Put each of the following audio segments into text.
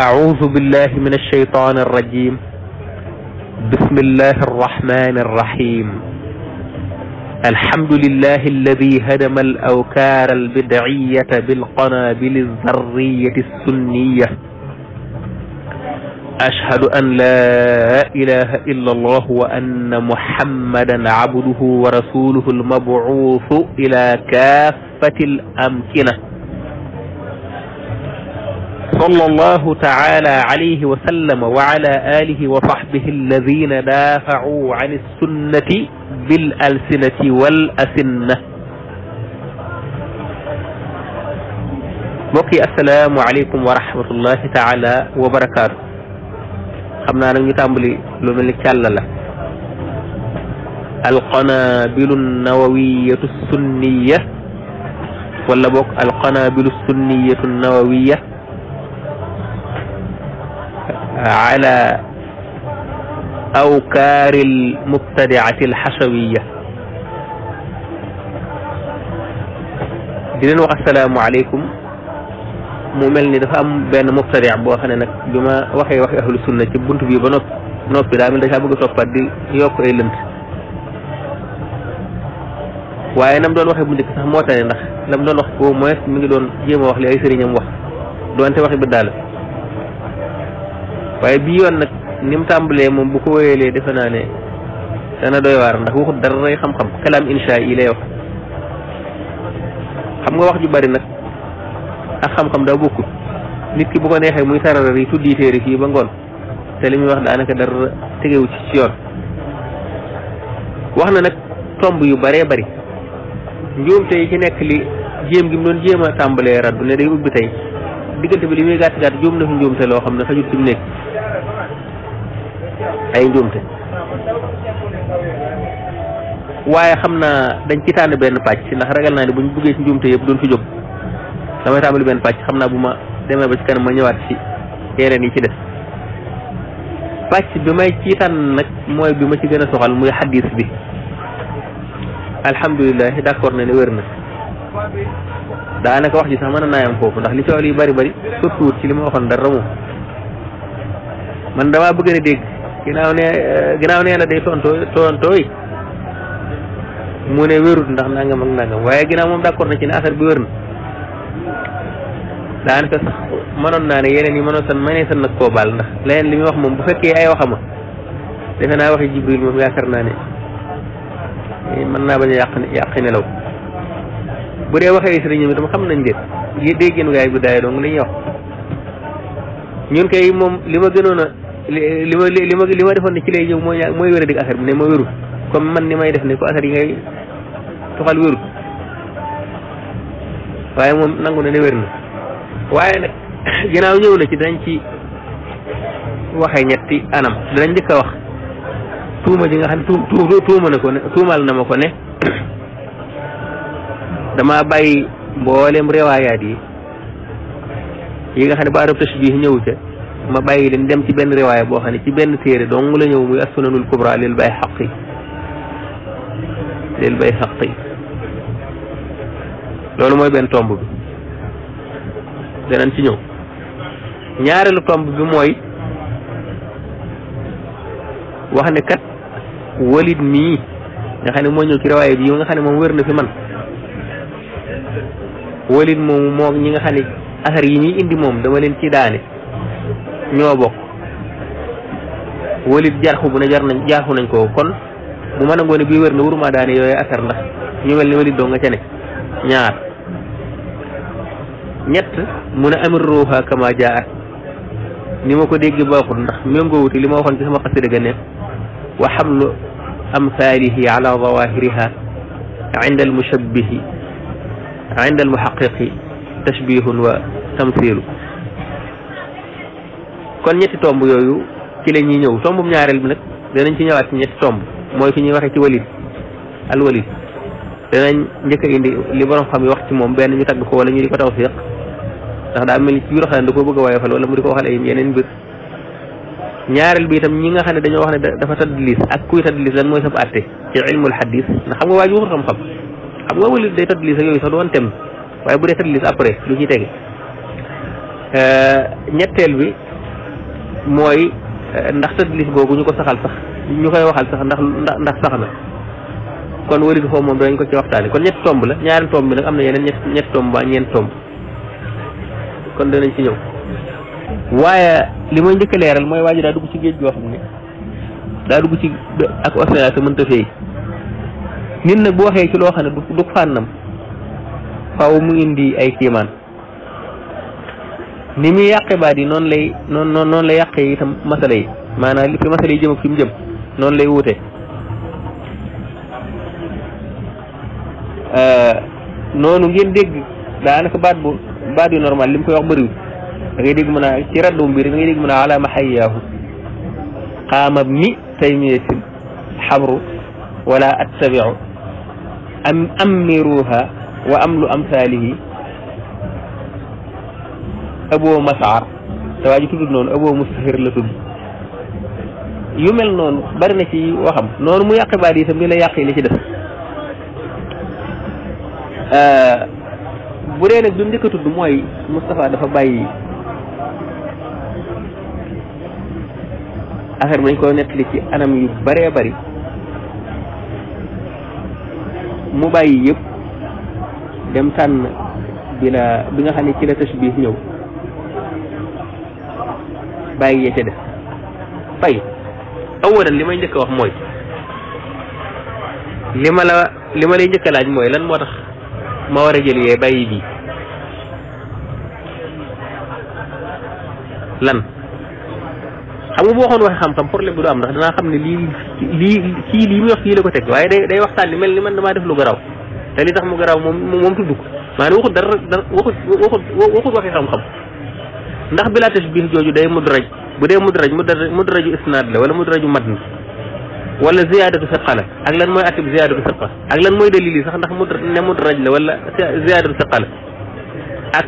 أعوذ بالله من الشيطان الرجيم بسم الله الرحمن الرحيم الحمد لله الذي هدم الأوكار البدعية بالقنابل الذرية السنية أشهد أن لا إله إلا الله وأن محمدا عبده ورسوله المبعوث إلى كافة الأمكنة صلى الله تعالى عليه وسلم وعلى آله وصحبه الذين دافعوا عن السنة بالألسنة والأسنة موكي السلام عليكم ورحمة الله تعالى وبركاته خمنا نجتمع لملك الله القنابل النووية السنية ولا بوك القنابل السنية النووية على اوكار المبتدعة الحشوية دينا وقت السلام عليكم مومل ني دا فام بن مبتدع بو خاني نك بما وخي وخي اهل السنه تي بونت بي بنوب نوب دا من دا بوغ توفات دي يوك اي لنت واي نام دون وخي بونديك سا موتاني نخ لام دون وخ بو موس ميغي دون جيما وخ اي سيرينم وخ دونتي وخي بدال waaye bii yoon nag ni mu tàmbalee moom bu ko wéyalee defe naa ne dana doy waar ndax waxut dara ray xam-xam kalaam insha yi lay wax xam nga wax ju bari nag ak xam-xam daa bokkut nit ki bu ko neexee muy sararar yi tuddi téere fii ba ngoon te li muy wax daanaka dara tegewu ci ci yoon wax na nag tomb yu baree bari njuumte yi ci nekk li jéem gi mu doon jéem a tàmbalee raddu ne day ubbi tey diggante bi li muy gàtt gàtt juum na fi njuumte loo xam ne xajut ci mu nekk ay njuumte waaye xam naa dañ ci benn pàcc ndax ragal naa bu buñ buggee ci njuumte yëpp duñ fi jóg damay tàmbali benn pàcc xam naa bu ma demee ba ci kanam ma ñëwaat ci yeneen yi ci def pàcc bi may ci nag mooy bi ma ci gën a soxal muy xadis bi alhamdulilah d'accord na ne wér na daa daanaka wax ji sax mën a naayam foofu ndax li cool yu bari bari surtout ci li ma waxoon dara moom man damaa bëgg a dégg ginnaaw ne eh, ginnaaw nee na day tontoo tontooy mu ne wérut ndax nangam ak nangam waaye ginnaaw moom d'accord na ci ne affaire bu wér na daanaka sax mënoon naa ne yeneen yi mënoon san mënee san nag koo baal ndax leneen li muy wax moom bu fekkee ay waxama defe naa waxi Jibril moom yaakaar naa ne eh, mën naa bañ a yàq yàq bu dee waxee sëriñ bi tam xam nañ leen dégg ngeen gaay bu daay dong li ñuy wax ñun kay moom li ma gënoon a li ma li ma li ma defoon ne ci lay ñëw mooy mooy wér a dig affaire bi ne ma wérul comme man ni may def ne ko affaire yi ngay tuxal nag ginnaaw ñëw na ci danañ ci waxee ñetti anam danañ njëkk a wax tuuma ji nga xam tuuma na ko ne tuumaal na ma ko ne dama bàyyi mboolem riwaayaat yi yi nga xam ne ba arab tashbih ñëw ca ma bàyyi leen dem ci benn riwaaya boo xam ne ci benn téere dong la ñëw muy assunanul kubra lil bay xaqi lil bay xaqi loolu mooy benn tomb bi danañ ci ñëw ñaareelu tomb bi mooy wax ne kat walid mii nga xam ne moo ñëw ci riwaaya bi nga xam ne moom wér na fi man walin moom moog ñi nga xam ne asar yi ñuy indi moom dama leen ci daane ñoo bokk walit jarxu bu ne jar nañ jarxu nañ ko kon bu ma nangoo ne bii wér na waruma daane yooyu asar ndax ñu mel ne walit doo nga ca ñaar ñett mun a amir ruuxa kama jaa ni ma ko dégg baaxul ndax méngoowuti li ma waxoon ci sama xasida ga ne wa xamlu amsaalihi ala zawahiriha inda almushabbihi عند المحقق تشبيه وتمثيل كون نيتي تومب يويو كي لا ني نيو تومب نياارل بي نك دا نانتي نيوات نيتي تومب موي في ني واخي تي وليد الوليد دا نان نيكا اندي لي بروم خامي واخ تي موم بن ني تاغ كو ولا ني ديكو توفيق دا دا ملي تي روخ نان دكو بوغ وايفال ولا مو ديكو واخال اي يينن بير نياارل بي تام نيغا خاني دانيو واخني دا فا تاد ليس اك كوي تاد ليس لان موي سب اتي في علم الحديث نخم واجو خم خم xam nga wëli day tadlis ak yooyu sax du woon tem waaye bu dee tadlis après lu ciy tege euh, ñetteel bi mooy euh, ndax tadlis googu ñu ko saxal sax ñu koy waxal sax ndax ndax sax na kon wëlid foofu moom dañ ko ci waxtaane kon ñetti tomb la ñaari tomb bi nag am na yeneen ñett ñetti tomb ba ñeent tomb kon danañ ci ñëw waaye li may njëkk leeral mooy waa daa dugg ci géej goo xam ne daa dugg ci ak océan te mënta feey nit nag bu waxee ci loo xam ne du du fànnam faaw mu indi ay kiimaan ni muy yàqe baat yi noonu lay noonu noonu lay yàqee itam masala yi maanaam li fi masala yi jëm ak fi mu jëm noonu lay wuute euh, noonu ngeen dégg daanaka baat bu baat yu normal li mu koy wax bëriwul da ngay dégg mën ci raddum bi da ngay dégg mën a ala ma xayyaahu qaamab ni taymiyatin xamru wala attabiu am ammiruha wa amlu amsaalihi abo masaar te waa ji tudd noonu abo mustafir la tudd yu mel noonu bari na ci waxam noonu mu yàqi baat yi itam ni la yàqi li ci def bu dee nag bi mu tudd mooy Moustapha dafa bàyyi affaire bi dañ ko nettali ci anam yu bëree bëri mu bàyyi yépp dem tànn bi la bi nga xam ne ci la tashbih ñëw bàyyi yee ca def fay awalan li may njëkk wax mooy li ma la li ma lay njëkk laaj mooy lan moo tax ma war a jël yee bàyyi bii lan xam nga bu waxoon waxi xam tam problème bu du am ndax danaa xam ne lii lii kii lii muy wax kii la ko teg waaye day day waxtaan li mel ni man damaa def lu garaw te li tax mu garaw moom moom tudd ko maanaam waxut dara dara waxut waxut waxut waxi xam-xam ndax bila bi jooju day mudraj bu dee mudraj mudraju isnaad la wala mudraju matn wala ziyadatu siqa la ak lan mooy atib ziyadatu siqa ak lan mooy dalili sax ndax mud ne mudraj la wala ziyadatu siqa la ak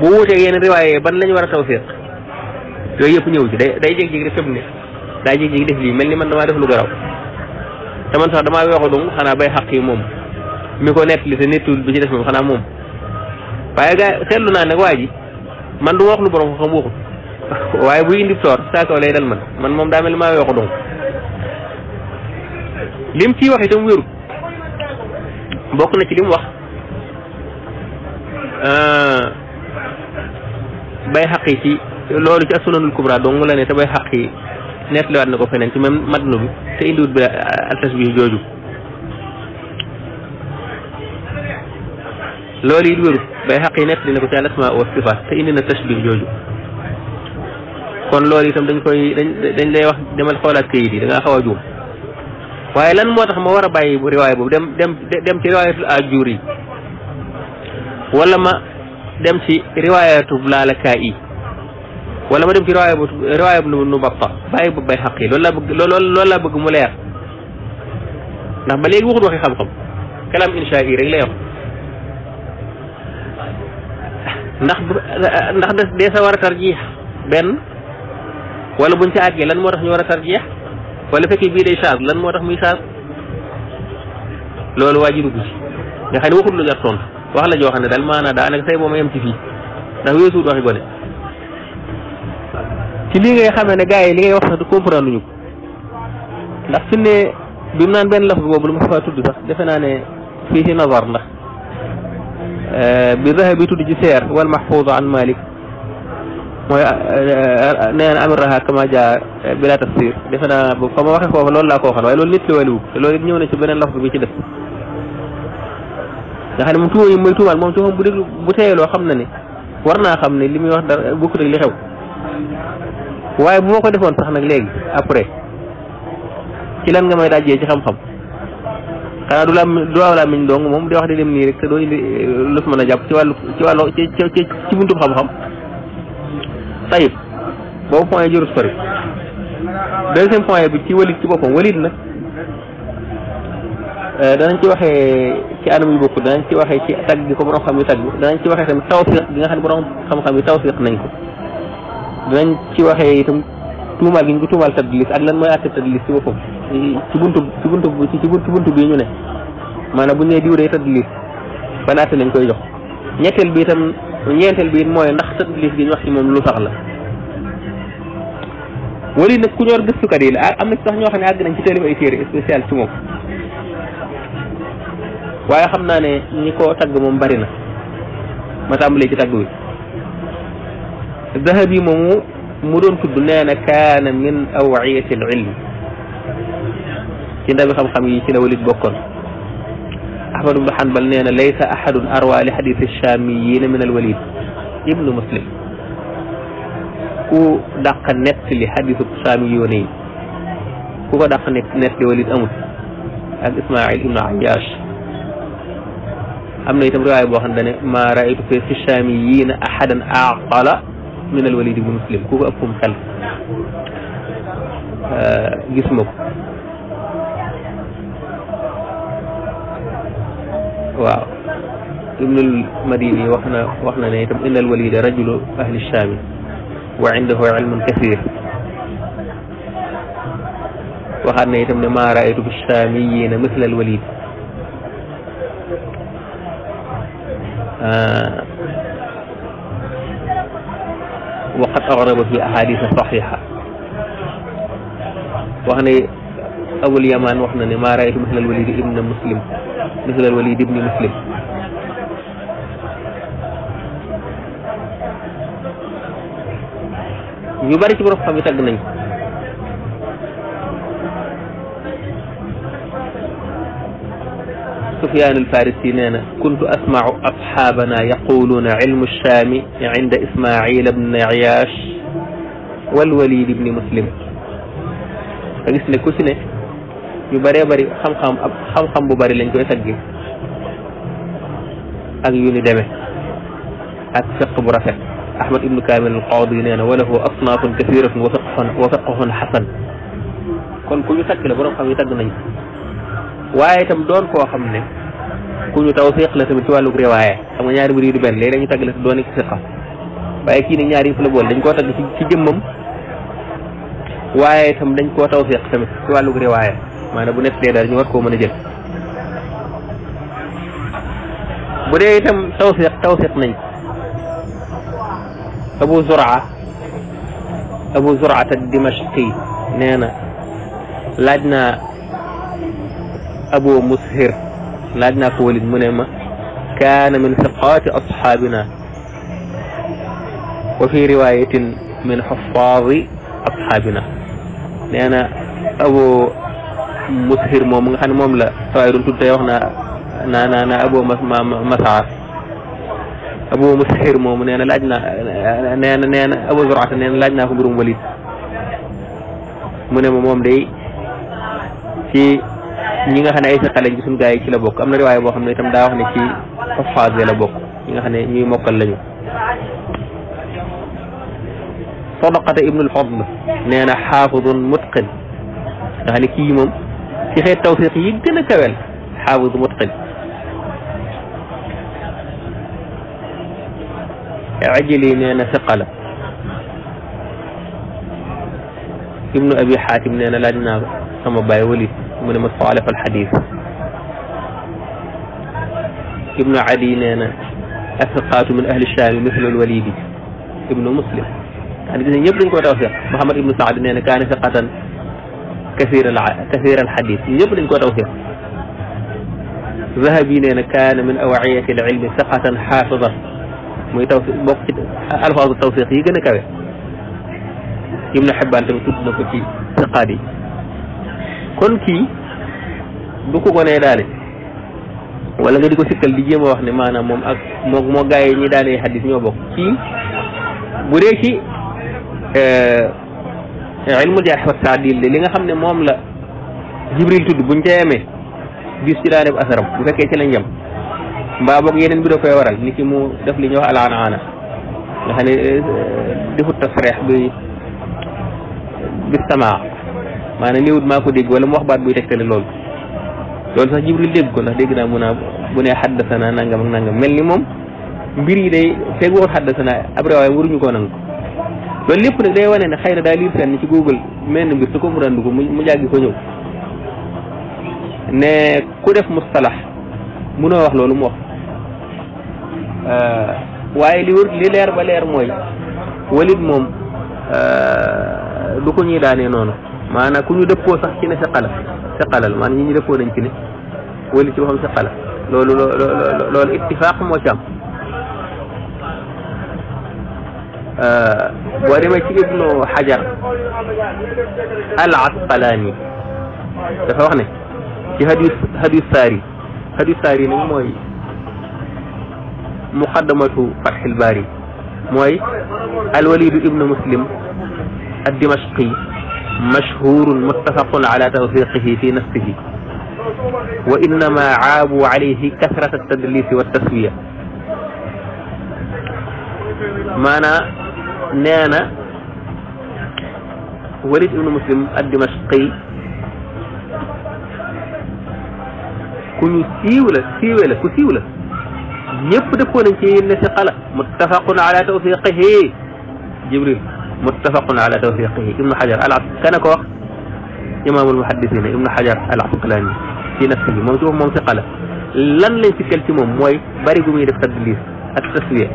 bu wuutee yenn riwaaye ban lañ war a tawfiq yooyu yëpp ñëw ji day day jékki-jékki def lii mel ni man damaa def lu garaw te man sax damaa weexu dum xanaa bay xaq yi moom mi ko nekk li te nettul bi ci des moom xanaa moom waaye gaa seetlu naa ne waa ji man du wax lu borom ko xam waxut waaye bu indi toor saa kaw dal man man moom daa mel ni maa weexu dum lim ciy wax itam wérut bokk na ci lim wax euh, bay xaq yi ci loolu ci as-sunanul kubra dong la ne te bay xaq yi nettaliwaat na ko feneen ci même madnu bi te indiwut bi at-tashbih jooju loolu it bay xaq yi nettali na ko ci al-asmaa wa sifaat te indi na tashbih jooju kon loolu itam dañ koy dañ dañ lay wax demal xoolaat kayit yi da xaw a juum waaye lan moo tax ma war a bàyyi riwaay boobu dem dem dem ci riwaayatul yi wala ma dem ci riwaayatul laalakaay yi wala ma dem ci riwaaya bu nu Muwatta bàyyi bu bay xaq yi loolu laa bëgg loolu laa bëgg mu leer ndax ba léegi waxut waxi xam-xam kalaam insha yi rek lay ndax ndax des war a tarjiix benn wala buñ ci àggee lan moo tax ñu war a tarjiix wala fekkee bii day saag lan moo tax muy saag loolu waa ji dugg ci nga xam ne waxut lu jar tontu wax la joo xam ne daal maanaa daanaka say boo ma yem ci ndax weesuut waxi gone ci lii ngay xamee ne gars yi li ngay wax sax du comprendre ndax fi bi naan benn laf boobu lu ma faa tudd sax defe naa ne fii ci nazar ndax euh, bi Zahabi tudd ci seer wal mahfuz an Malik mooy euh, nee na amiraha kama jaa euh, bila tafsir defe naa boobu fa ma waxee foofu loolu laa ko waxoon waaye loolu nit la waliwu te loolu it ñëw na ci beneen laf bi ci def nga xam ne moom tuuma yi mooy tuumaal moom ci moom bu déglu bu loo xam ne ne war naa xam ne li muy wax dara bokkut ak li xew waaye boo ko defoon sax nag léegi après ci lan nga may dajee ci xam-xam xanaa du la du waaw laa miñ dong moom di wax di dem nii rek te doo indi lu mën a jàpp ci wàllu ci wàllu ci ci ci buntu xam-xam tayib boobu point jurus sori deuxième point bi ci walit ci boppam walit nag euh, danañ ci waxee ci anam yu bokk danañ ci waxee ci tagg gi ko borom xam yu tagg danañ ci waxee tamit tawfiq gi nga xam ne borom xam-xam taw tawfiq nañ ko danañ ci waxee itam tuumaal gi ñu ko tuumaal tadlis ak lan mooy àtte tadlis ci boppam ci buntu ci buntu ci buntu bii ñu ne maanaam bu ñu nee diw dee tadlis ban lañ koy jox ñetteel bi itam ñeenteel bi it mooy ndax tadlis gi ñu wax ci moom lu sax la wala nag ku ñor gëstukat yi la am na ci sax ñoo xam ne àgg nañ ci taalif ay téere spécial ci moom waaye xam naa ne ñi ko tagg moom bari na ma tàmbalee ci tagg wi ذهبي مو مدن تدنا كان من أوعية العلم كنا بخم خمي كنا ولد بكر أحمد بن حنبل نينا ليس أحد أروى لحديث الشاميين من الوليد ابن مسلم كو دق نت لحديث الشاميوني كو دق نت لوليد أمس عن إسماعيل بن عياش أمنا يتم رواية بوخان ما رأيت في الشاميين أحدا أعقل من الوليد بن مسلم كوكو أبكم خلق آه جسمك واو ابن المديني وحنا وحنا نيتم ان الوليد رجل اهل الشام وعنده علم كثير وحنا نيتم ما رايت بالشاميين مثل الوليد آه وقد أغرب في أحاديث صحيحة وهنا أول يمان وحنا ما رأيت مثل الوليد ابن مسلم مثل الوليد ابن مسلم ñu bari بتقنين سفيان الفارسي لنا كنت أسمع أصحابنا يقولون علم الشام عند إسماعيل بن عياش والوليد بن مسلم أجلس لك كسنة يبري بري خم خم خم خم ببري لنجو يسجي أجيوني دمه أتفق برفق أحمد بن كامل القاضي لنا وله أصناف كثيرة وفقه حسن كل كل يسجي لبرو خم يسجي waye tam doon ko xamne ku ñu tawfiq la tamit ci wàllug riwaaye xam nga ñaari mbir yu benn léegi dañu tagal la doon ci siqa waaye kii ne ñaari yëpp la bol dañ ko tag ci ci jëmmam waye tam dañ ko tawfiq séeq tamit ci walu riwaaye manam bu nepp de dal ñu war ko mëna jël bu de itam tawfiq tawfiq nañ abu zur'a abu zur'a ad dimashqi neena na أبو مسهر لأن أقول المنمى كان من ثقات أصحابنا وفي رواية من حفاظ أصحابنا لأن أبو مسهر مومن خان موملا فايرو تو تيوخنا نا نا نا ابو مسعر ابو مسهر مومن انا لاجنا نا نا نا ابو زرعه نا لاجنا كو بروم وليد مونيم موم دي في ñi nga xam ne ay si xale ci suñ gaa yi bokk am na riwaay boo ne itam daa wax ne ci fafaase ñi nga xam ne ñuy mokkal lañu sadaqata ibnul fadl nee na xaafidun mutqin nga xam kii xeet tawfiq yi gën a kawel xaafidu mutqin ajli nee na siqa la abi xaatim nee laaj naa sama baay walid من مصالح الحديث ابن عدي نانا أثقات من أهل الشام مثل الوليد ابن مسلم كان يعني يبدو أنك توفي محمد ابن سعد نانا كان ثقة كثير الع... كثير الحديث يبدو أنك توفي ذهبي نانا كان من أوعية العلم ثقة حافظة ألفاظ التوفيق يجنا كذا ابن حبان تبتدنا في ثقة kon kii du ko ko nee daane nga di ko sikkal di jéem a wax ne maanaam moom ak moo moo gaa yi ñi daanee xadis ñoo bokk kii bu dee ci euh, ilmul jarh wa taadil de li nga xam ne moom la jibril tudd buñ ca yemee bis ci daane bu asaram bu fekkee ci lañ yem mbaa boog yeneen bi da koy waral ni ki mu def li ñuy wax alaanaana nga xam ne euh, defut tasreex bi bi samaa maanaam wut maa ko dégg wala mu wax baat buy tegtale loolu loolu sax jibril dégg ko ndax dégg naa mu naa bu nee xaddasana nangam ak nangam mel ni moom mbir yi day feeg waxul xaddasana après waaye waruñu koo nangu loolu lépp nag day wane ne xëy na daal liir fenn ci google mel ni mbir su ko mu randu ko mu jàggi ko ñëw ne ku def mustalax munoo wax loolu mu wax euh, waaye li wër li leer ba leer mooy walit moom euh, du ko ñuy daanee noonu maana ku ñu dëppoo sax ci ne sa xala sa xalal maanaam ñi ñu dëppoo nañ ci ne wali ci waxam sa xala loolu loolu ittifaq moo ci am boo demee ci ibnu xajar al asqalaani dafa wax ne ci hadiyu hadiyu saari hadiyu saari nag mooy muqaddamatu fatxil baari mooy alwalidu ibnu muslim ad dimashqi مشهور متفق على توثيقه في نفسه وإنما عابوا عليه كثرة التدليس والتسوية معنى نانا وليد ابن مسلم الدمشقي كن سيولة سيولة كسيولة يبدو كون ku siiw متفق على توثيقه جبريل متفق على توثيقه ابن حجر العسقلاني كان وقت امام المحدثين ابن حجر العسقلاني في نفسه موثوق من ثقله لان لي فيكل تي موم موي بري غومي داف تدليس اك تسويه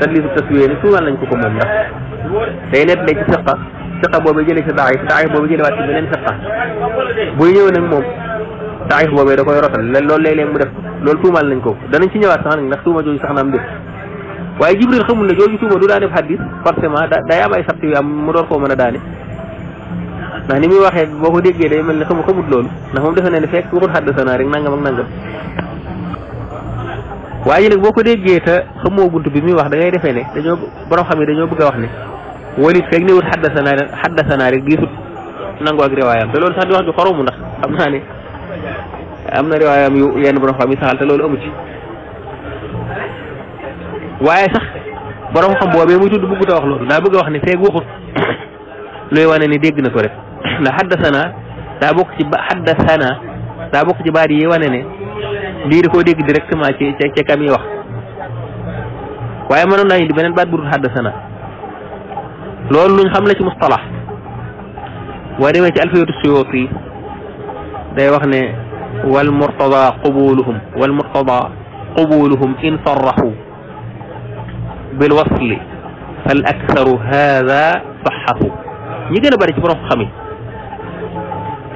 تدليس التسويه ني سوال نكو كو موم داي نيت لي سي ثقه ثقه بوبو جيلي سي داعي داعي بوبو جيلي وات بنين ثقه بو نيو نك موم داعي بوبو داكو يروتال لول لي لي مو داف لول تومال نكو دا نسي نيوات سان نك توما جوي سخنام ديف waaye jibril xamul ne jooju tuuma du daane xaddis forcément day am ay sabti yu am mu door koo mën a daane ndax ni muy waxee boo ko déggee day mel ne xamul xamut loolu ndax moom defe na ne fekk waxul xaddasana rek nangam ak nangam waaye boo ko déggee te xamoo bunt bi muy wax da ngay defee ne dañoo borom xam ne dañoo bëgg a wax ne walit fekk newut xaddasana xaddasana rek diisut nangu ak riwaayam te loolu sax di wax ju xoromu ndax xam naa ne am na riwaayam yu yenn borom xam yi saxal te loolu amu ci waye sax borom xam boobee mu tuddu bëggut a wax loolu daa bëgg wax ni feeg waxut luy wane ni dégg na ko rek la hadathana da bok ci ba hadathana da bok ci baari yi wane ne li da ko dégg directement ci ci ci kam yi wax waye manu naa indi benen baat bu hadathana lolu luñ xam la ci mustalah waa demee ci alfiyatu suyuuti yi day wax ne wal murtada qubuluhum wal murtada qubuluhum in sarraxu bilwasli fal aktaru hada saxahu ñi gën a bëri ci borom xam yi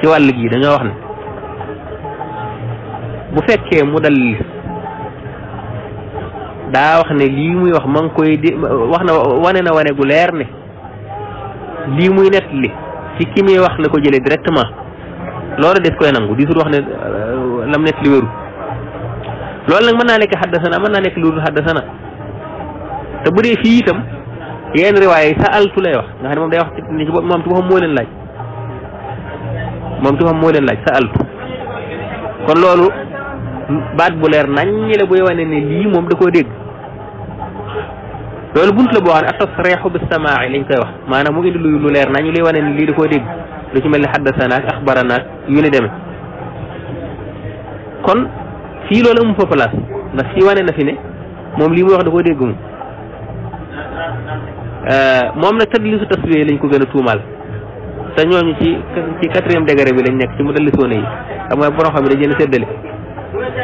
ci wàll gi dañoo wax ne bu fekkee mu dallis daa wax ne lii muy wax ma koy di wax na wane na wane gu leer ne lii muy net li ci ki muy wax na ko jëlee directement loolu des koy nangu di wax ne euh, lam net li wéru loolu nag mën naa nekk xaddasana mën naa nekk lu dul xaddasana te bu dee fii itam yenn riwaay sa altu wax nga xam ne moom day wax moom ci boppam moo leen laaj moom sa altu kon loolu baat bu leer naññ la buy wane ne lii moom da koo dégg loolu bunt la boo xam ne ak tasreexu bi lañ koy wax maanaam mu indi lu lu leer naññ luy wane ne lii da koo dégg lu ci mel ne xaddasanaak axbaranaak yu ni demee kon fii loolu amu fa place ndax fii wane na fi ne moom lii muy wax da koo dégg moom moom nag tadlisu taswiye lañ ko gën a tuumaal te ñooñu ci ci quatrième degré bi lañ nekk ci mu dallisoona yi xam nga borom xam ne dañ leen séddale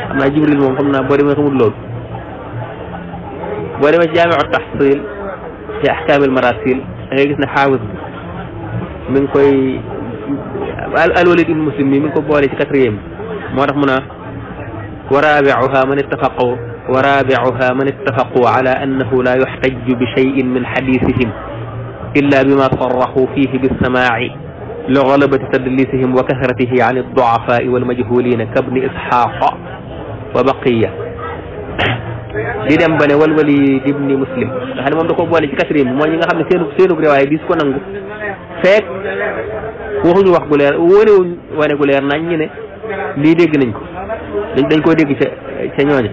xam naa jibril moom xam naa boo demee xamul loolu boo demee ci jaamiu tahsil ci ahkaamil marasil da ngay gis ne xaawis bi mi ngi koy alwalid ibn muslim mi mi ngi ko boole ci quatrième bi moo tax mu naa wa raabiuha man ittafaqaw ورابعها من اتفقوا على أنه لا يحتج بشيء من حديثهم إلا بما صرحوا فيه بالسماع لغلبة تدليسهم وكثرته عن الضعفاء والمجهولين كابن إسحاق وبقية ديدم بني والولي ابن مسلم هل مام دكو بوالي كثير ما نيغا سينو سينو رواي ديس كو نانغو فك وخو ني واخ غولير وني وني غولير ناني ني لي ديغ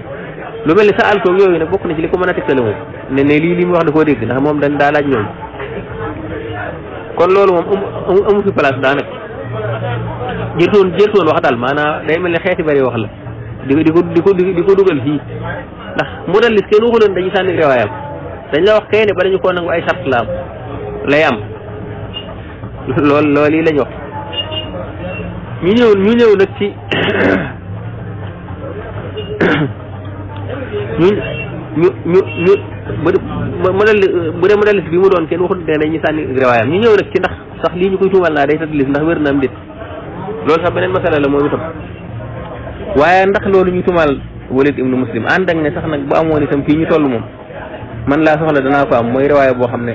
lu mel ni sa alkoog yooyu nag bokk na ci li ko mën a tegtale moom ne ne lii li mu wax da koo dégg ndax moom dañ daa laaj ñoom kon loolu moom amu amu fi place daanaka jërtoon jërtoon wax daal maanaam day mel ne xeeti bari wax la di ko di ko di ko di ko dugal fii ndax mudallis kenn waxuloon dañuy sànni rewaayam dañ la wax kay ne ba dañu koo nangu ay sart la am lay am lool loolu yi lañ wax ñu ñëw ñu ñëw nag ci ñu ñu ñu ñu ba modèle bu dee modèle bi mu doon kenn waxut ne ñu sànni riwaayam ñu ñëw nag ci ndax sax lii ñu koy tuumal naa day tadlis ndax wér na am déet loolu sax beneen masala la moom itam waaye ndax loolu ñu tuumal Walid ibnu Muslim ànd ak ne sax nag bu amoon itam fii ñu toll moom man laa soxla danaa ko am mooy riwaaya boo xam ne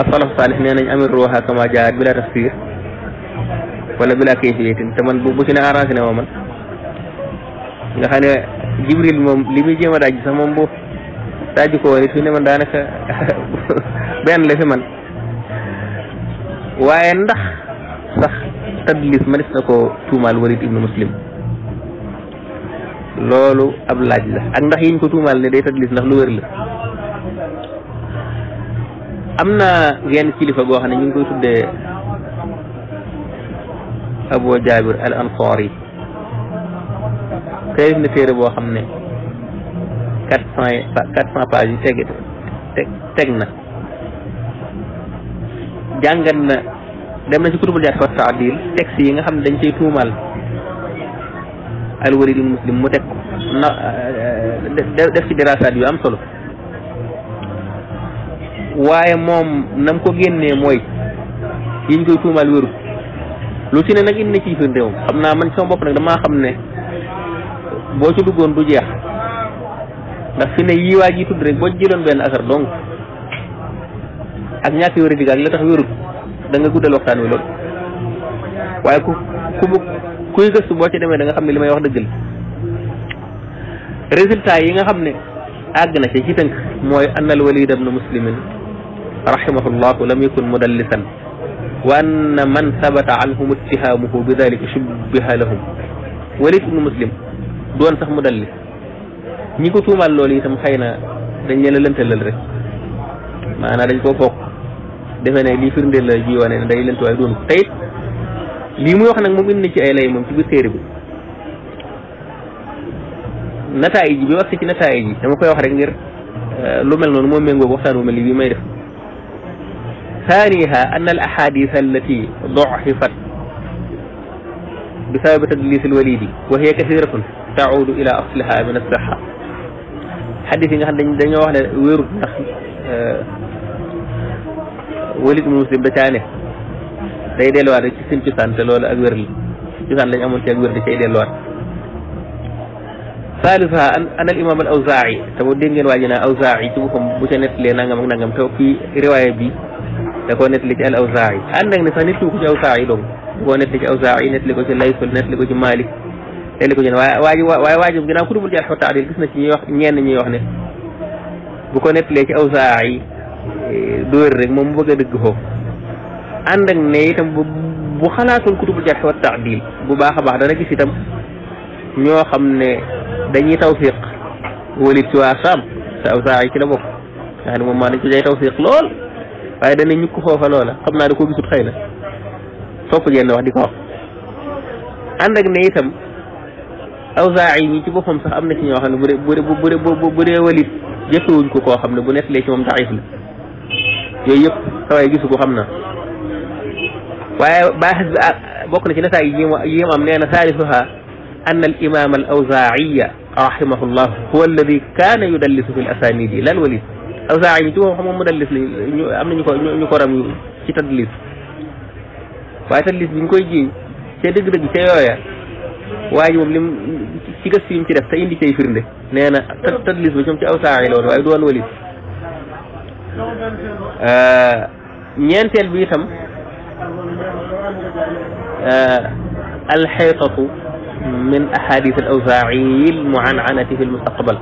as-salaf saalih nee nañ amir ruwaha kama jaat bila tafsir wala bila kayfiyatin te man bu bu ci ne arrangé ne ma man nga xam ne jibril moom li muy a daaj sax moom bu daaj ko woon fi ne man daanaka benn la fi man waaye ndax sax tadlis manis na ko tuumaal walid ibnu muslim loolu ab laaj la ak ndax yiñ ko tuumaal ne day tadlis ndax lu wér la am na ngeen kilifa goo xam ne ñu ngi koy tuddee Abu Jaabir al Ansaari taalif na téere boo xam ne quatre cent quatre cent pages yi teg teg na jàngat na dem na ci kutubul jaat fa taadil texte yi nga xam ne dañ ciy tuumaal alwaridul muslim mu teg ko na euh, euh, def ci dirasaat yu am solo waaye moom nam ko génnee mooy yiñ koy tuumaal wéru lu ci ne nag indi na ci firndéewam xam naa man sama bopp nag damaa xam ne boo ci duggoon du jeex ndax fi ne yii waa ji tudd rek boo jëloon benn asar dong ak ñàkk wér ak la tax wérut da nga guddal waxtaan wi lool waaye ku ku kuy gëstu boo ci demee da nga xam ne li may wax dëgg la résultat yi nga xam ne àgg na ci ci tënk mooy anna al walid ibnu muslimin rahimahullahu lam yakun mudallisan wa anna man sabata anhum ittihamuhu bi dalika shubbiha lahum walid ibnu muslim doon sax mu dalli ñi ko tuumal loolu itam xëy na dañ leen a lëntalal rek maanaam dañ koo fokk defe ne lii firndeel la ji wane ne day lënt waaye doon te it lii muy wax nag moom indi ci ay lay moom ci biir téere bi nataay ji bi wax ci nataay ji dama koy wax rek ngir lu mel noonu moom méngoo waxtaan bu mel ni bi may def ثانيها أن الأحاديث التي ضعفت بسبب تدليس الوليد وهي كثيرة taudu ila asliha min asiha xadis yi nga xam ne dañoo wax ne wérut ndax eh, walit muslim da caane day delluwaat rek ci seen cosaan te loolu ak wér li cosaan lañ amoon ci ak wér di cay delluwaat saalisaha an al imam al awzaa'i te boo dégg ngeen waa ji naa awzaa'i ci boppam bu ca nettalee nangam ak nangam te kii riwaaya bi da koo nettali ci al awzaa'i ànd ak ne sax nettali ko ci awzaa'i donc da koo nettali ci awzaa'i nettali ko ci laysul nettali ko indi ko waaye waaji waaye waaji bu ginnaaw ku dubul jarxu taadil gis na ci ñuy wax ne bu ko nettalee ci awsaa yi eh, du wér rek moom mu bëgg a dëgg foofu ànd ak ne itam bu bu xalaatul kutubul jarx wa taadil baax a baax dana gis itam ñoo xam ne dañuy tawfiq walit ci waa saam sa awsaa yi ci la bokk nga xam ne moom maa dañ ko jay lool waaye dana ñukk foofa loola xam naa da ko gisut xëy na sopp jenn wax di ko wax ànd ak ne itam awzaa'i yi ci boppam sax am na ci ñoo xam ne bu dee bu dee bu dee walit jëfewuñ ko koo xam ne bu nettalee ci moom daif la yooyu yëpp sawaay gisu ko xam na waaye baaxis bi bokk na ci nasaay yi yim am nee na saalisuha an al imam al awzaa'iya rahimahullah huwa alladi kaana yudallisu fi l asanidi lal walit awzaa'i bi ci boppam xam nga mudallis lañu am nañu ko ñu ko ram ci tadlis waaye tadlis bi ñu koy jiiñ ca dëgg-dëgg ca yooya waa ji moom lim ci gëstu yim ci def te indi cay firnde nee na tadlis ba ñoom ci aw saaxi la woon waaye du woon walit ñeenteel bi itam alxeetatu min ahadith al awsaaci al muancanati fi l mustaqbal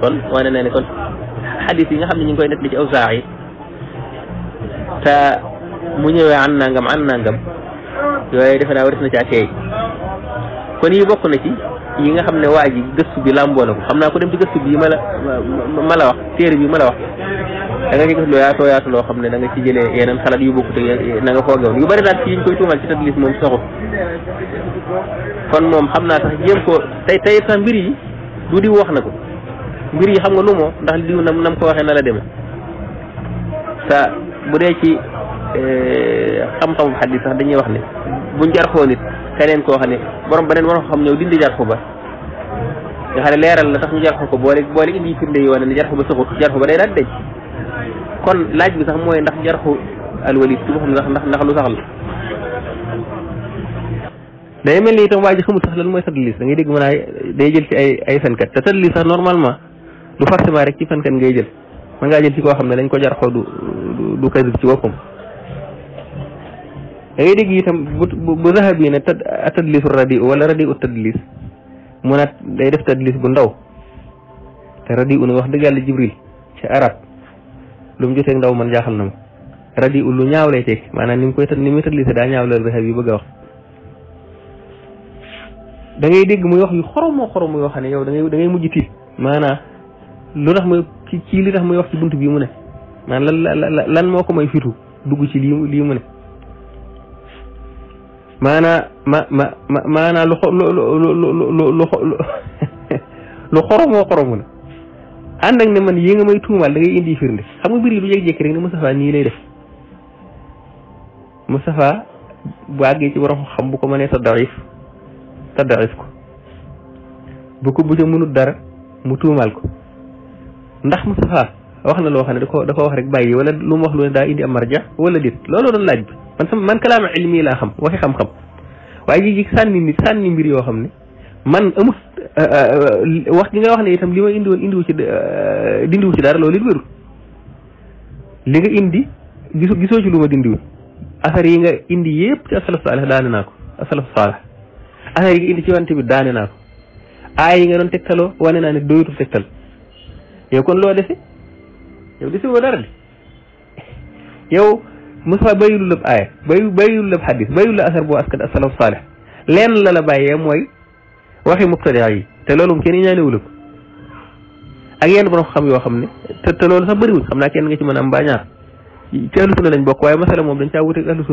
kon wane na ne kon xadis yi nga xam ne ñu ngi koy nettali ci awsaaci te mu ñëwee an nangam an nangam yooyu defe naa waris na caa teey kon yi bokk na ci yi nga xam ne waa ji gëstu bi làmboo na ko xam naa ko dem ci gëstu bi ma la ma la wax téere bi ma la wax da nga gis lu yaatoo yaatu loo xam ne da nga ci jëlee yeneen xalaat yu bokkute na nga foogewoon yu bari daal ci yiñ koy tuumal ci tadlis moom soxu kon moom xam naa tax jéem ko tey tey sax mbir yi du di wax na ko mbir yi xam nga lu moom ndax diw nam nam ko waxee na la demee sa bu dee ci eh, xam-xamu xadis sax dañuy wax ne buñ jar keneen koo xam ne borom beneen waroon xam ñëw dindi jarxu ba nga xam ne leeral la tax ñu jarxu ko boole boole indi firnde yi wane ne jarxu ba saxut jarxu ba day daal kon laaj bi sax mooy ndax jarxu alwalit ci boppam ndax ndax ndax lu sax la. day mel ni itam waa ji xamul sax lan mooy tadlis da ma dégg mën ci ay ay fenkat te tadlis sax normalement du forcément rek ci fenkat ngay jël mën ngaa jël koo xam ne dañ ko jarxoo du du du kasib ci boppam. da ngay dégg bu bu bu zahabi ne tad tadlisu radi wala radi u tadlis mu naat day def tadlis bu ndaw te radi u wax dëgg yàlla jibril ci arab lu mu ndaw man jaaxal na ma lu ñaaw lay teg maanaam ni mu koy ni muy daa ñaaw la zahabi bëgg a wax da ngay dégg muy wax yu xoromoo xoromoo yoo xam ne yow da ngay da ngay mujj lu tax muy ci li tax muy wax ci bunt bii mu ne maanaam lan lan moo ko may fitu dugg ci lii ne maanaa ma ma maanaa lu lu lu lu lu xoromoo xoromu la ànd ak ne man yi nga may tuumaal da ngay indi firnde xam nga mbir yi lu jékki-jékki rek ne Moustapha nii lay def Moustapha bu àggee ci borom xam bu ko mënee taddaif taddaif ko bu ko bu ca mënut dara mu tuumaal ko ndax Moustapha wax na loo xam ne da ko da ko wax rek bàyyi wala lu mu wax lu ne daa indi am marja wala déet looloo doon laaj bi man sama man kalaama ilmi laa xam waxi xam-xam waaye ji ji mbir yoo xam ne man amut euh, euh, wax gi nga wax ne itam li ma indi woon indiwu euh, dindiwu ci dara loolu it wérul li nga indi gisoo gisoo ci lu ma dindiwu asar yi nga indi yëpp ci asalaf saalih daane asalaf saalih asar yi nga indi ci wante bi daane naa ko yi nga doon tegtaloo wane naa ne doyutul tegtal yow kon loo dese yow dese woo dara de yow ba Moussa bàyyilul ab aaya bàyyi bàyyilul ab xadis bàyyilul asar boo askan asalaf saalih leen la la bàyyee mooy waxi mubtadia yi te loolu moom kenn ñaanewul ko ak yenn borom xam yoo xam ne te te loolu sax bëriwul xam naa kenn nga ci mën a am ba ñaar ci lañ bokk waaye masala moom dañ caa wuteeg ahlu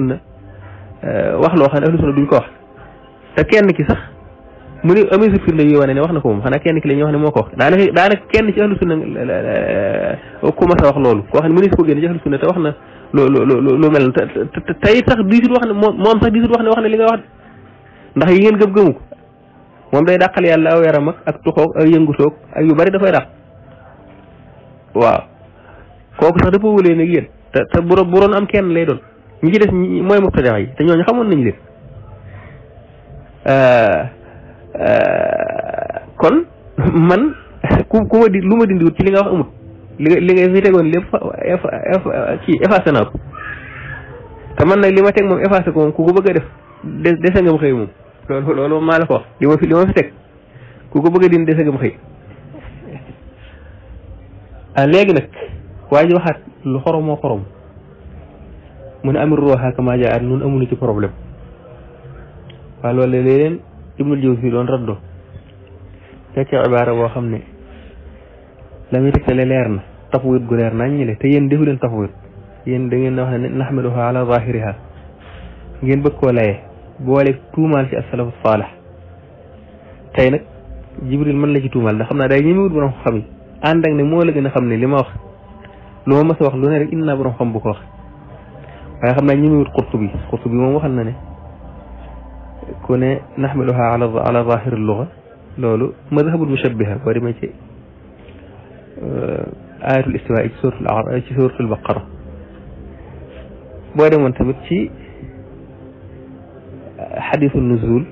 euh, wax loo xam ne duñ ko wax te kenn ki sax mu ni amee firnde yu wane ne wax na ko moom xanaa kenn ki la wax ne moo ko wax daa daanaka kenn ci ahlu sunna euh, ku a wax loolu koo ne mënees ko génn ci ahlu sunna te wax na lu lu lu lu mel te tey sax diisut wax ne moom sax diisut wax ne wax ne li nga wax ndax yi ngeen gëm-gëmu ko moom day daqal yàlla aw yaram ak ak tuxoog ak yëngutoog ak yu bari dafay dàq waaw kooku sax dafa wóolee nag yéen te te bu bu doon am kenn lay doon ñi ci des mooy mubtadi'a yi te ñooñu xamoon nañ leen kon man ku ku ma di lu ma dindiwut ci li nga wax amut li li nga fi tegoon lépp kii effacé naa ko te man nag li ma teg moom effacé ko moom ku ko bëgg a def des dese nga ma xëy moom loolu loolu maa la ko wax li ma fi li ma fi teg ku ko bëgg a din dese nga ma xëy ah léegi nag waa ji waxaat lu xoromoo xorom mu ne amir ruwaxa kama jaa at nun amuñu ci problème waaw loolu léeg-léeg leen Ibnul Jawzi doon raddo fekk ibaara boo xam ne la muy tegtale leer na tafwid gu leer nañ ñi le te yéen defu leen tafwid yéen da ngeen wax ne naxmaduha ala zahiriha ngeen bëgg koo laye boole tuumaal ci asalafu saalax tey nag jibril mën la ci tuumaal ndax xam naa day ñemewut borom xam yi ànd ak ne moo la gën a xam ne li ma wax lu ma mas a wax lu ne rek indi naa borom xam bu ko wax waaye xam naa ñemewut xurtu bi xurtu bi moom waxal na ne ku ne naxmaluha ala ala zahir luga loolu madhabul mushabbiha boo demee ci aayatul israa ci suuratul A'raaf ci suuratul Baqara boo demoon tamit ci xadiisu nuzul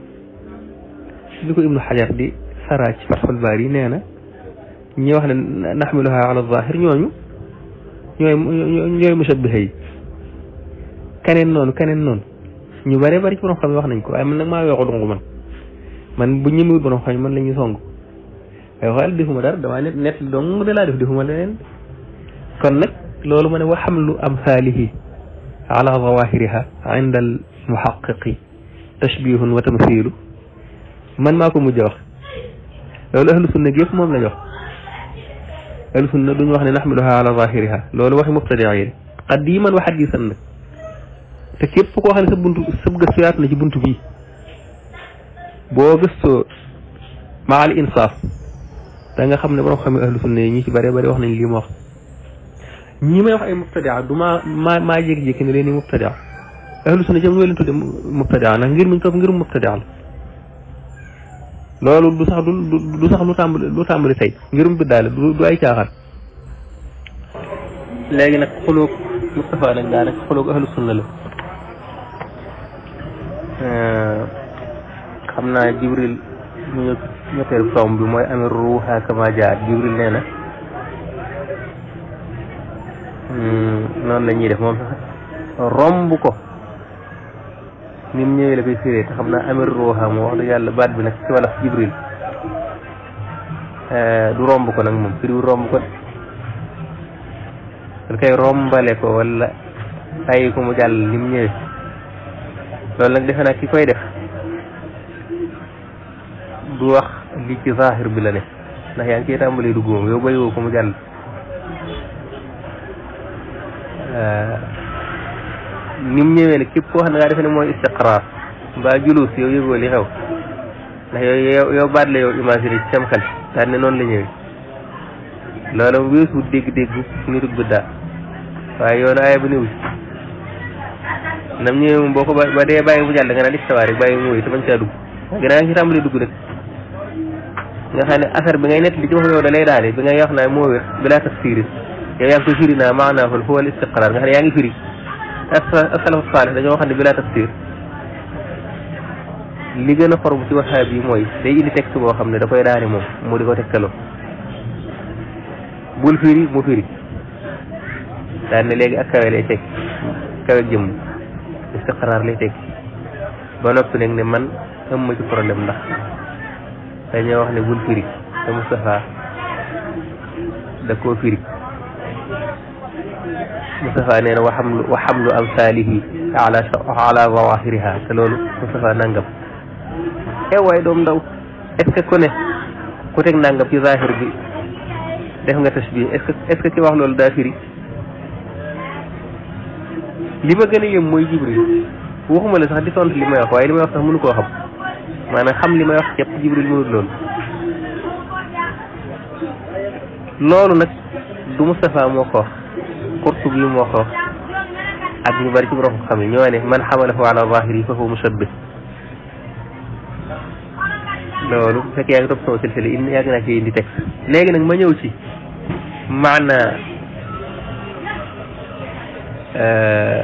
li ko ibnu xajar di saraa ci Fathul Baari nee na ñi wax ne naxmiluha ala zaahir ñooñu ñooy ñooy mushabbiha yi keneen noonu keneen noonu ñu bare bari ci borom xam wax nañ ko waaye man nag maa weexu dungu man man bu ñëmewut borom xam man la ñuy song kay waxal defuma dara dama ne net dong de laa def defuma leneen kon nag loolu ma ne wa xamlu amsaalihi ala zawahiriha inda al muhaqiqi tashbihun wa tamthilu man maa ko mujj wax loolu ahlu sunna gi yëpp moom la jox ahlu sunna duñu wax ne naxmiluha ala zahiriha loolu waxi mubtadiin qadiman wa hadisan nag te képp koo xam ne sa buntu sab gëstu yaatu na ci buntu bii boo gëstoo maa al insaaf da nga xam ne borom xam ne ahlu sunna yi ñi ci bëree bëri wax na lii ma wax ñi may wax ay mubtadaa du ma maa maa jékki-jékki ne leen ni mubtadaa ahlu sunna jëm ñoo leen tudde mubtadaa nag ngir muñ topp ngir mubtadaa la du sax sax lu tàmbali lu tàmbali tey ngirum du la du ay caaxaan léegi nag xulóog Moustapha nag daa nag xulóog ahlu sunna la euh, naa ñetteelu bi mooy amir ruuxa kama jibril nee na hmm, noonu la ñuy def moom romb ko ni mu ñëwee la koy firee te xam naa amir ruuxa mu wax dëgg yàlla baat bi nag ci wàllu jibril eh, du romb ko nag moom firiwul romb ko da koy rombale ko wala tàyyi ko mu jàll ni mu ñëwee loolu nag defe naa ki koy def du wax li ci zahir bi la ne ndax yaa ngi ciy tàmbali dugg moom yow bàyyiwoo ko mu jàll nim ñëwee ne képp koo xam ne ngaa defe ne mooy istiqrar mbaa julus yow yëgoo li xew ndax yow yow baat la yow imaginé ci sam xel daal ne noonu la ñëwee loolu weesu dégg-dégg nitu biddaa waaye yoon aaya ba néew ci nam ñëwee moom boo ko ba dee bàyyi mu jàll nga naan istawaar rek bàyyi mu wéy te bañ caa dugg gannaaw ci tàmbali dugg nag nga xam ne asar bi ngay nett li ci wax yow da lay daale bi wax naa moo wér bi laa tafsirin yow yaa ngi ko firi naa maanaahul huwa al istiqraar nga xam ne yaa dañoo wax ne bi laa li gën a xorob ci waxaab yi mooy day indi texte boo xam ne da koy daane moom mu di ko tegtaloo bul firi mu firi daan léegi ak kawe lay teg kawe jëm istiqraar lay teg ba noppi nag ne man am ma ci problème ndax dañoo wax ne bul firig te Moustapha da koo firig Moustapha nee na waxamlu waxamlu amsaalihi ala ala zawahiriha te loolu Moustapha nangam e eh waay doom ndaw est-ce que ku ne teg nangam ci zahir bi def nga tasbih est-ce que wax loolu daa firi li ma gën a yëm mooy Jibril waxuma la sax di tontu li may wax waaye sax mënu koo maanaam xam li ma wax yëpp jibril mënut loolu loolu nag du Moustapha moo ko wax Qurtubi moo ko wax ak ñu bari ci borom xam yi ñoo ne man xamalahu ala zahiri fa huwa mushabbih loolu bu fekkee yaa topp sama silsila in yàgg naa ci indi texte léegi nag ma ñëw ci maana euh,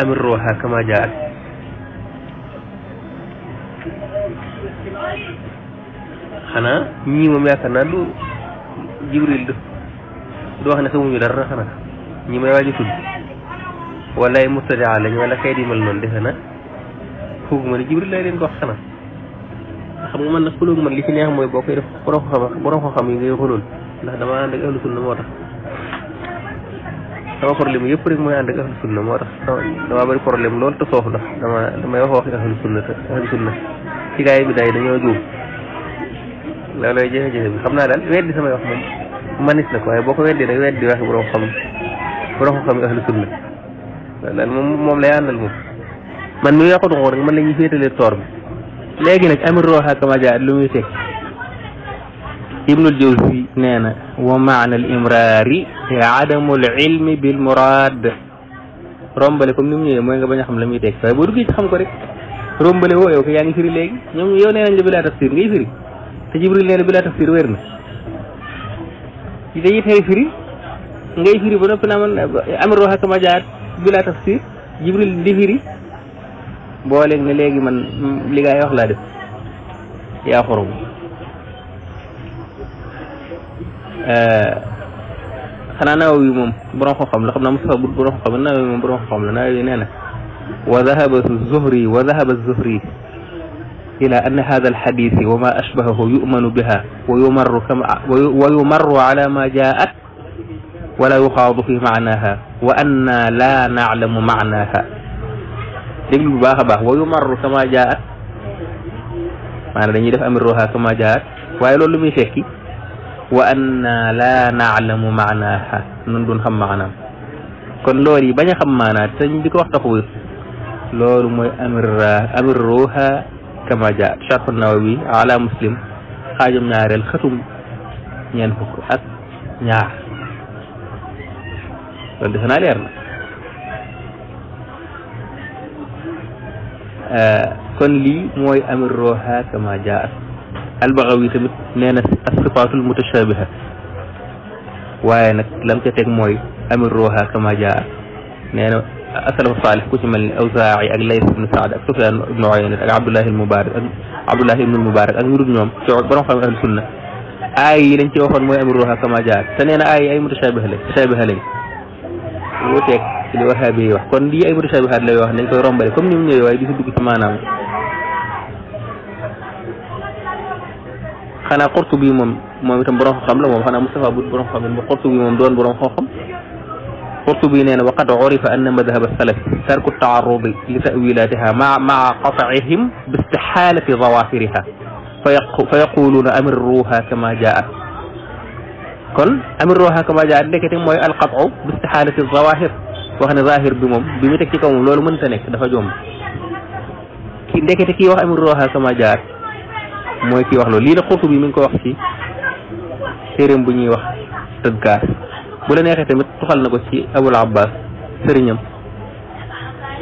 amir ruha kama jaat xanaa ñii moom yaakaar naa lu jibril du du wax ne xamuñu dara xanaa ñi may waaju tudd wala ay murtadaa lañ wala kay di mel noonu defe na foogu ma ne jibril lay leen ko wax xanaa xam nga man nag xulóog man li ci neex mooy boo koy def borom ko xam borom ko xam yi ngay xulool ndax dama ànd ak ahlu sunna moo yëpp rek mooy ànd ak moo tax dama bari problème loolu te soof la dama damay wax waxi ahlu sunna te ahlu sunna ci bi daay dañoo juum loolooy jafe-jafe bi xam naa daal weddi samay wax moom manis na ko waaye boo ko weddee rek weddi waxi borom xam borom xam yi ahlu sunna loolu daal moom moom lay àndal moom man mi waxut ko rek man la ñuy féetalee toor bi léegi nag amir rooxa kama jaa lu muy teg ibnul jawzi nee na wa maana al imraari adamul ilmi bil muraad rombale comme ni mu ñëwee mooy nga bañ a xam la muy teg waaye boo duggee ci xam ko rek rombale woo yow ko yaa ngi firi léegi ñoom yow nee nañ la bilaa tafsir ngay firi te jibril nee na bi laa tax fiir wér na dañuy ngay firi ba noppi naa man amir wax ak ma jaar bi laa jibril di firi booleeg ne léegi man mm, li ngay def yaa xorom eh, xanaa naaw yi moom borom xam la xam naa Mustafa borom xam-xam naaw yi moom borom xam-xam la naaw yi nee na wa zahaba zuhri wa zahaba zuhri إلى أن هذا الحديث وما أشبهه يؤمن بها ويمر, كما ويمر على ما جاءت ولا يخاض في معناها وأنا لا نعلم معناها ويمر كما جاءت معنى لن يدف أمرها كما جاءت ويقول لم يشكي وأن لا نعلم معناها نندون خم معنا كن لوري بني خم معنا وقت كوحتا خوي لوري أمر أمرها kama jaa charhu nawawi ala muslim xaajum ñaareel xatum ñeent fukk ak ñaar loolu defe naa leer na eh, kon lii mooy amir roha kama jaa albaxawi tamit nee na asifatul mutashabiha waaye nag lam ca teg mooy amir roha kama jaa nee asalafu saalih ku ci mel ni Awzaa'i ak Lays ibnu Saad ak Sufyaan ibnu Uyayna ak Abdullahi al Mubaarak ak Abdullahi ibnu Mubaarak ak ñu dul ñoom ci borom xam ahlu sunna aay yi lañ ci waxoon mooy amruha kama jaat te nee na aay yi ay mutashabiha lañ tashabiha lañ wuuteeg li wahaabi yi wax kon lii ay mutashabihaat la yoo xam ne dañ koy rombale comme ni mu ñëwee waaye di si dugg ci maanaam xanaa Qurtubi moom moom itam borom xam la moom xanaa Mustafa bu borom xam la moom Qurtubi moom doon borom xam-xam القرطبي وقد عرف ان مذهب السلف ترك التعرض لتاويلاتها مع مع قطعهم باستحاله ظوافرها فيقولون امروها كما جاءت كن امروها كما جاءت لك موي القطع باستحاله الظواهر وخنا ظاهر بموم بيمتك كوم لولو منتا نيك دا جوم كي امروها كما جاءت موي كي واخ لو لي القرطبي مين كو واخ سي سيرم بو ني واخ تدكار bu la neexee tamit tuxal na ko ci abul abbas sëriñam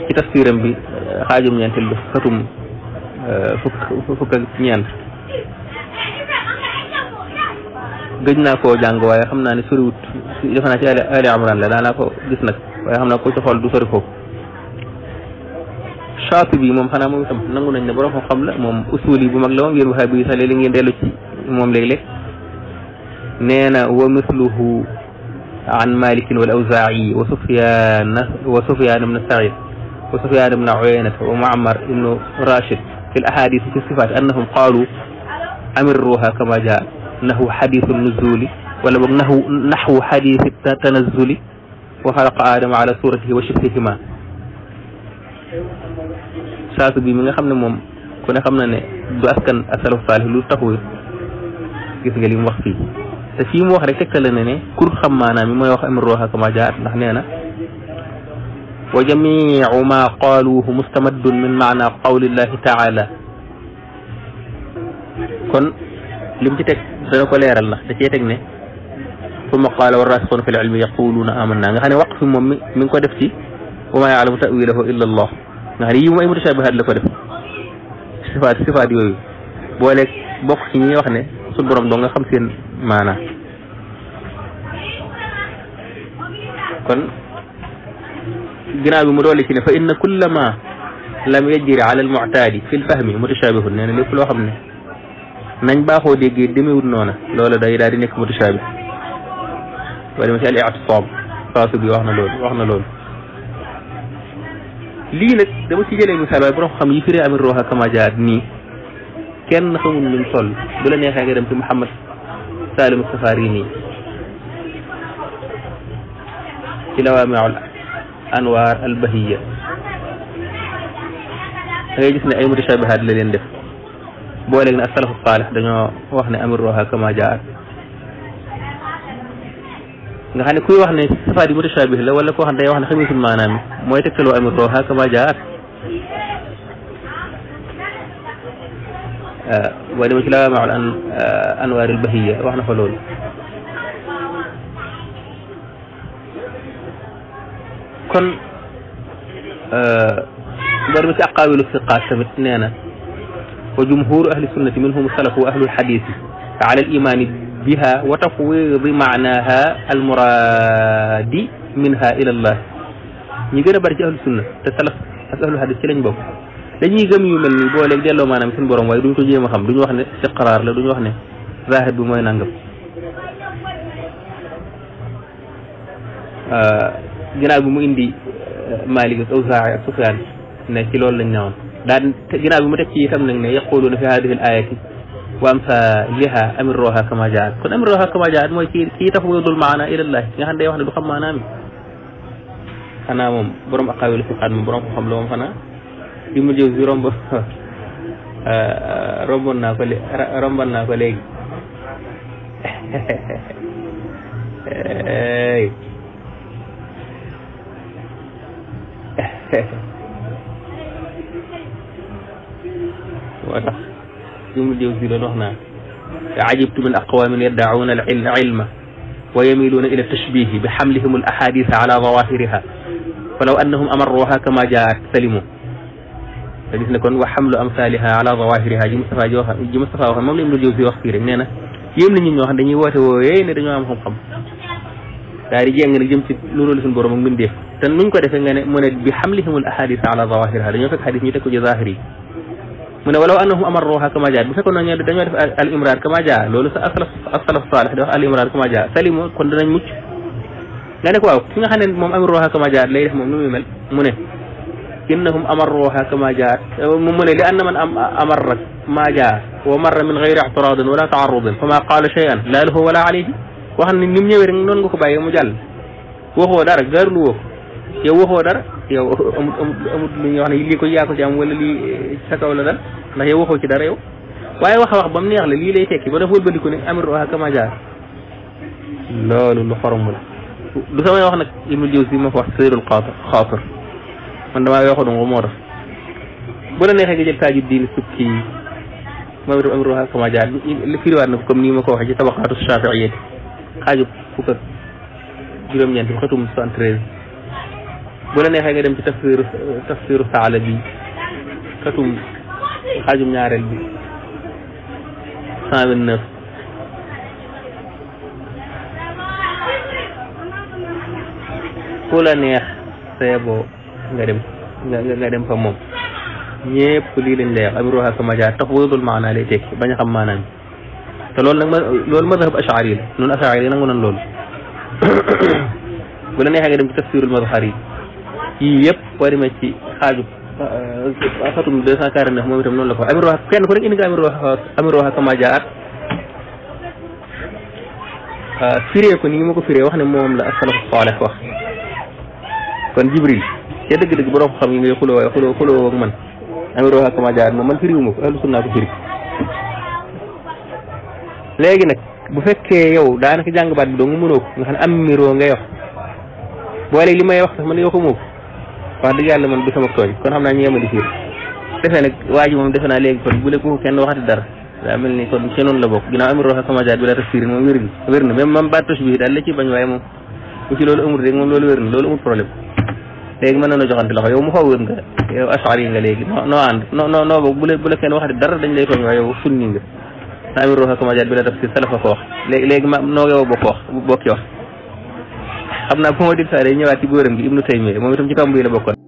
ci tafsiram bi euh, xaajum ñeenteel bi xatum euh, fukk ak ñeent gëj naa koo jàng waaye xam naa ne soriwut defe naa ci ali ali amran la daanaa ko gis nag waaye xam naa ko ci xool du sori foofu Shaatibi bi moom xanaa moom itam nangu nañ ne borom xam-xam la moom usul bu mag la moom yéen waxaay bi sax léeg-léeg ngeen dellu ci moom léeg-léeg nee na wa عن مالك والأوزاعي وسفيان وسفيان بن سعيد وسفيان بن عيينة ومعمر بن راشد في الأحاديث في الصفات أنهم قالوا أمروها كما جاء أنه حديث النزول ولا أنه نحو حديث التنزل وخلق آدم على صورته وشبههما saatu bi mi nga موم ne moom ku ne xam na ne du askan asalafu saalih lu taxul gis nga te fii mu wax rek tegtale na ne kur xam maanaam yi mooy wax am roox ak ma jaat ndax nee na wa jamiu ma qaaluuhu mustamaddun min maana qawlillahi taala kon lim ci teg dana ko leeral ndax da cee teg ne summa qaala wa raasixuuna fi l ilmi yaquluuna amanna nga xam ne waqf fi moom mi mi ngi ko def ci wa maa yaalamu tawilahu illa allah nga xam ne yii moom ay mutashabihaat la ko def sifaat sifaat yooyu booleeg bokk ci ñi wax ne suñu borom doo nga xam seen maana kon ginnaaw bi mu dolli ci ne fa inna kulla ma lam yajri ala al muctaadi fi lfahmi mutashaabihun nee na lépp loo xam ne nañ baaxoo déggee demewut noona loola day daal di nekk mutashaabih wala ma si al ictisaam xaasu bi wax na loolu wax na loolu lii nag dama ci jëlee misaal waaye borom xam yi firee amir roxa kama jaat nii kenn xamul nuñ toll bu la neexee nga dem ci Muhammad سالم السفاريني في لوامع الأنوار البهية هي جسنا أي متشابه هذا اللي يندف بولغنا السلف الصالح دنيا وحنا أمر كما جاء نحن كوي وحنا سفاري متشابه لو ولا كوي وحنا خميس المعنى مويتك تلو أمر كما جاء ودمت لا مع الأن أنوار البهية رحنا فلول كن آه، درمت أقابل الثقة سبتنانا وجمهور أهل السنة منهم السلف وأهل الحديث على الإيمان بها وتفويض معناها المراد منها إلى الله نيجينا برجع أهل السنة تسلف أهل الحديث لن بوك dañuy gëm yu mel nii booleeg delloo maanaam suñu borom waaye duñ ko jéem a xam duñu wax ne iqraar la duñu wax ne zaahir bi mooy nangam euh, mu indi euh, Maalik ak Awzaa'i ak Sufyaan ne ci loolu lañ newoon daan ginnaaw bi mu teg ci ne yaquluuna fi haadihi al-aayati wa amsaaliha amirruha kama jaat kon amirruha kama jaat mooy kii kii tafawwadul maana ilallaah ki nga xam ne day wax ne du xam maanaam xanaa moom borom aqaawilu fiqaat moom borom ko xam la moom xanaa Ah, ah, bi jëw si romb romboon naa ko lé romboon naa ko léegi moo tax jëw si wax naa عجبت من أقوام يدعون العلم ويميلون إلى التشبيه بحملهم الأحاديث على ظواهرها فلو أنهم أمروها كما جاءت سلموا nga gis ne kon wa xamlu amsaaliha ala zawahiriha ji Moustapha ji wax ji Moustapha waxoon moom la Ibnu Jawzi wax fii rek nee na yéem na ñun ñoo xam dañuy woote wooyee ne dañoo am xam-xam daal di jéng ci loolu suñu borom ak mbindeef ko defee nga ne mu ne bi xamlihimul ahadis ñu teg ko ci zahir yi mu ne walaw annahum amarruha kama na ñoo dañoo def kama jaa loolu da wax al imrar kama salimu kon danañ mucc nga ne ko waaw ki nga xam ne moom amarruha kama jaa lay def nu muy mel mu ne إنهم أمروها ما جاء ممن لأن من أمر ما جاء ومر من غير اعتراض ولا تعرض فما قال شيئا لا له ولا عليه وهن نمي ورنون كباي مجل وهو دار غير لو يو وهو دار يو أم أم أم يعني اللي كي يأكل جام ولا لي سكوا ولا دار ما هي وهو كدار يو واي وح وح بمني أغلى لي ليه تكي بده فول بدي كوني أمروها كما جاء لا لا لا حرام ولا لو سمعنا وحنا إنه ما هو سير القاطر خاطر man damaa weexu dong moo tax bu la neexee nga jël taaju diin sukki moom itam am ruha kama jaar li firiwaat na comme nii ma ko waxee ci tabaqaatu shafiiyya xaaju fukk ak juróom-ñeent bi neexee nga dem ci tafsiru tafsiru bi xaajum ñaareel bi 129 ku la neex seeboo nga dem nga dem fa moom ñëpp lii lañ lay wax abroha sama dia taxwidul maana lay tekki bañ a xam maanaam te loolu nag loolu mazhab ashari la noonu ashari yi nangu nan loolu bu la neexee nga dem ci tafsirul mazhari yii yëpp boo demee ci xaaju euh, xatum deux cent quarante neuf moom itam noonu la ko amroha kenn ku nekk indi nga amroha euh, ko nii ma ko firee wax ne moom la asalafu saleh wax kon jibril ca dëgg-dëgg borom xam yi ngay xuloo waaye xuloo xuloo ak man amiru ak ma jaan moom man firiwuma ko ahlu nag bu fekkee yow daanaka jàng baat bi doo nga mënoo ko nga ne amiroo ngay wax boole li may wax sax man yow xamoo ko wax dëgg yàlla man du sama tooñ kon xam nag waa moom defe naa léegi kon bu le ko kenn waxati dara daa mel ni kon ci noonu la bokk ginnaaw amir roxa samajaat bi la tafsir moom wér na wér na même mam baat tos bi daal la ci bañ waaye moom bu ci loolu amul rek moom loolu wér na loolu amul problème léegi mën na noo joxante loxo yow mu xawwér nga yow ashar yi nga léegi noo noo ànd noo noo no bu la bu la kenn dara dañ lay tooñ waaye yow sunni nga naa mi ruuxa kama jaat bi la def si salafa ko wax léegi léegi ma noo yow bokk wax bokki wax xam naa bu ma dil saare ñëwaat ci góoram gi ibnu taymiya moom itam ci tomb yi la bokkoon